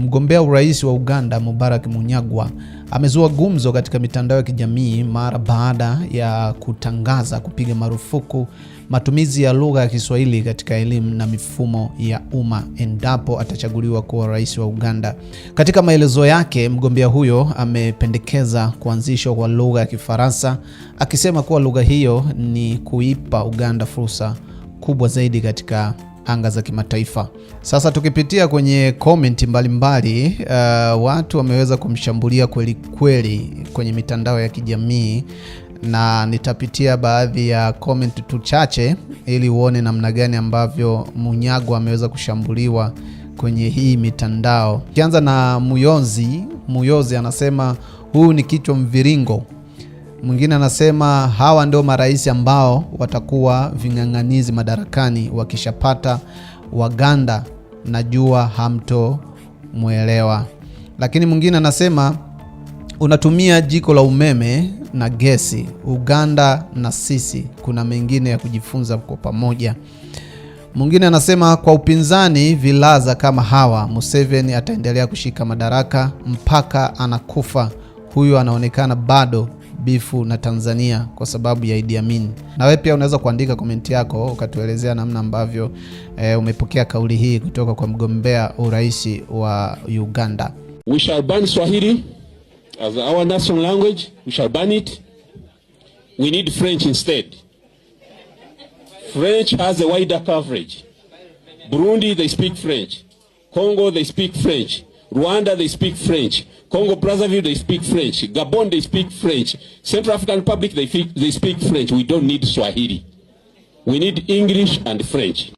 Mgombea urais wa Uganda Mubarak Munyagwa amezua gumzo katika mitandao ya kijamii mara baada ya kutangaza kupiga marufuku matumizi ya lugha ya Kiswahili katika elimu na mifumo ya umma endapo atachaguliwa kuwa rais wa Uganda. Katika maelezo yake, mgombea huyo amependekeza kuanzishwa kwa lugha ya Kifaransa akisema kuwa lugha hiyo ni kuipa Uganda fursa kubwa zaidi katika anga za kimataifa. Sasa tukipitia kwenye komenti mbalimbali, uh, watu wameweza kumshambulia kweli kweli kwenye mitandao ya kijamii na nitapitia baadhi ya comment tu chache ili uone namna gani ambavyo Munyago ameweza kushambuliwa kwenye hii mitandao. Ukianza na Muyozi, Muyozi anasema huu ni kichwa mviringo Mwingine anasema hawa ndio marais ambao watakuwa ving'ang'anizi madarakani, wakishapata Waganda najua hamtomwelewa. Lakini mwingine anasema unatumia jiko la umeme na gesi. Uganda na sisi kuna mengine ya kujifunza kwa pamoja. Mwingine anasema kwa upinzani vilaza kama hawa, Museveni ataendelea kushika madaraka mpaka anakufa. Huyu anaonekana bado bifu na Tanzania kwa sababu ya Idi Amin. Na wewe pia unaweza kuandika komenti yako ukatuelezea namna ambavyo e, umepokea kauli hii kutoka kwa mgombea urais wa Uganda. We shall ban Swahili as our national language. We shall ban it. We need French instead. French has a wider coverage. Burundi they speak French. Congo they speak French. Rwanda, they speak French. Congo Brazzaville, they speak French. Gabon, they speak French. Central African Republic, they, they speak French. We don't need Swahili. We need English and French.